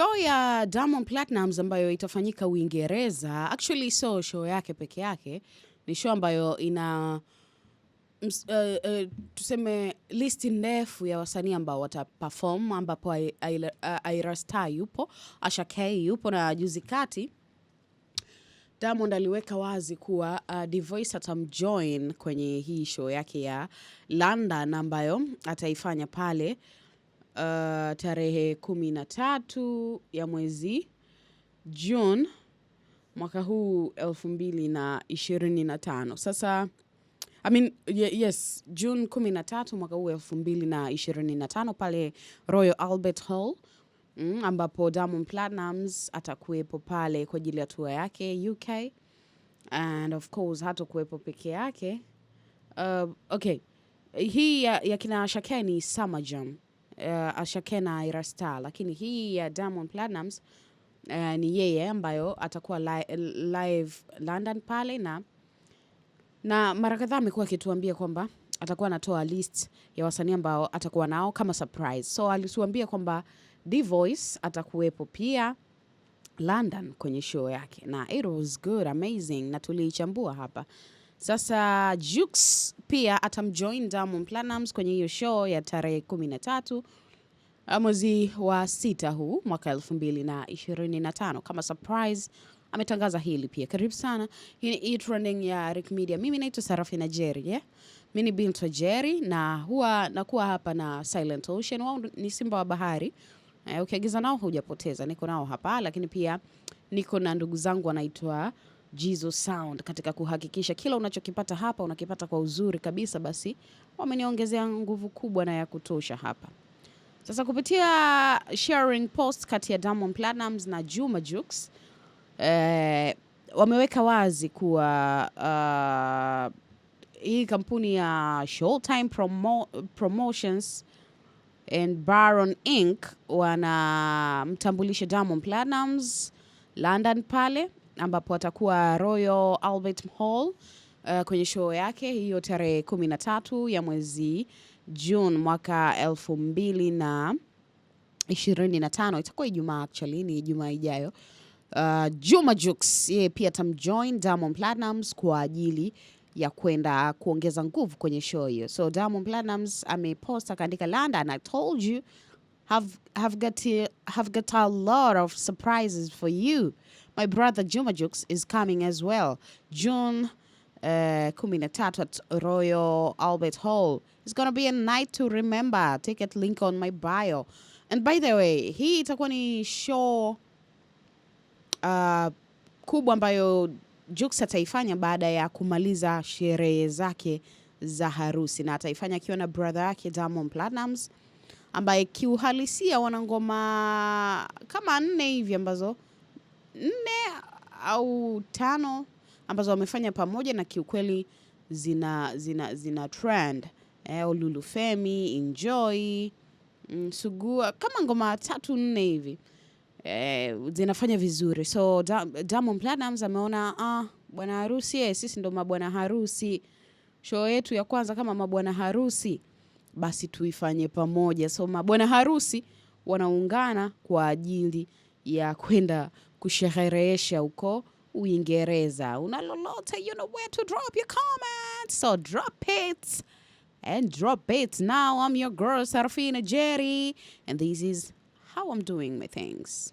Show ya Diamond Platnumz ambayo itafanyika Uingereza, actually so show yake peke yake ni show ambayo ina ms, uh, uh, tuseme listi ndefu ya wasanii ambao wataperform, ambapo Ayra eh, Starr yupo, Asha K yupo na juzi kati Diamond aliweka wazi kuwa uh, The Voice atamjoin kwenye hii show yake ya London ambayo ataifanya pale uh, tarehe kumi na tatu ya mwezi Juni mwaka huu elfu mbili na ishirini na tano. Sasa I mean, yes, June kumi na tatu mwaka huu elfu mbili na ishirini na tano pale Royal Albert Hall mm, ambapo Diamond Platnumz atakuwepo pale kwa ajili ya tour yake UK and of course hatakuwepo peke yake. Uh, okay, hii ya, ya kina Shakeni Summer Jam uh, Ashakena Irasta, lakini hii ya Diamond Platnumz uh, ni yeye ambayo atakuwa li live London pale, na na mara kadhaa amekuwa akituambia kwamba atakuwa anatoa list ya wasanii ambao atakuwa nao kama surprise. So alituambia kwamba The Voice atakuwepo pia London kwenye show yake na it was good amazing, na tuliichambua hapa. Sasa Jux pia atamjoin Diamond Platnumz kwenye hiyo show ya tarehe kumi na tatu uh, mwezi wa sita huu mwaka elfu mbili na ishirini na tano kama surprise ametangaza hili pia. Karibu sana, hii ni Eat Trending ya Rick Media. Mimi naitwa Sarafina Jerry yeah? Mimi ni Binto Jerry na huwa nakuwa hapa na Silent Ocean, wao ni simba wa bahari eh, ukiagiza nao hujapoteza. Niko nao hapa lakini pia niko na ndugu zangu wanaitwa Jizo Sound katika kuhakikisha kila unachokipata hapa unakipata kwa uzuri kabisa, basi wameniongezea nguvu kubwa na ya kutosha hapa. Sasa kupitia sharing post kati ya Diamond Platnumz na Juma Jux eh, wameweka wazi kuwa uh, hii kampuni ya Showtime Promo Promotions and Baron Inc wanamtambulisha Diamond Platnumz London pale ambapo atakuwa Royal Albert Hall uh, kwenye show yake hiyo tarehe kumi na tatu ya mwezi Juni mwaka elfu mbili na ishirini na tano. Itakuwa Ijumaa, actually ni Ijumaa ijayo. Uh, Juma Jux yeye pia atamjoin Diamond Platnumz kwa ajili ya kwenda kuongeza nguvu kwenye show hiyo. So Diamond Platnumz amepost akaandika London I told you have have got a, have got a lot of surprises for you. My brother Juma Jux is coming as well. June uh, kumi at Royal Albert Hall. It's gonna be a night to remember. Ticket link on my bio. And by the way, hii itakuwa ni show uh, kubwa ambayo Jux ataifanya baada ya kumaliza sherehe zake za harusi, na ataifanya akiwa na brother yake Diamond Platnumz ambaye kiuhalisia wana ngoma kama nne hivi ambazo nne au tano ambazo wamefanya pamoja na kiukweli zina, zina, zina trend eh, Olulufemi, Enjoy, mm, Sugua kama ngoma tatu nne hivi eh, zinafanya vizuri so damon Platnumz ameona ah, bwana harusi eh, sisi ndo mabwana harusi show yetu ya kwanza kama mabwana harusi basi tuifanye pamoja. So mabwana harusi wanaungana kwa ajili ya kwenda kusherehesha huko Uingereza. Una lolote, you know where to drop your comments. So drop it and drop it now. I'm your girl Sarafina Jerry and this is how I'm doing my things.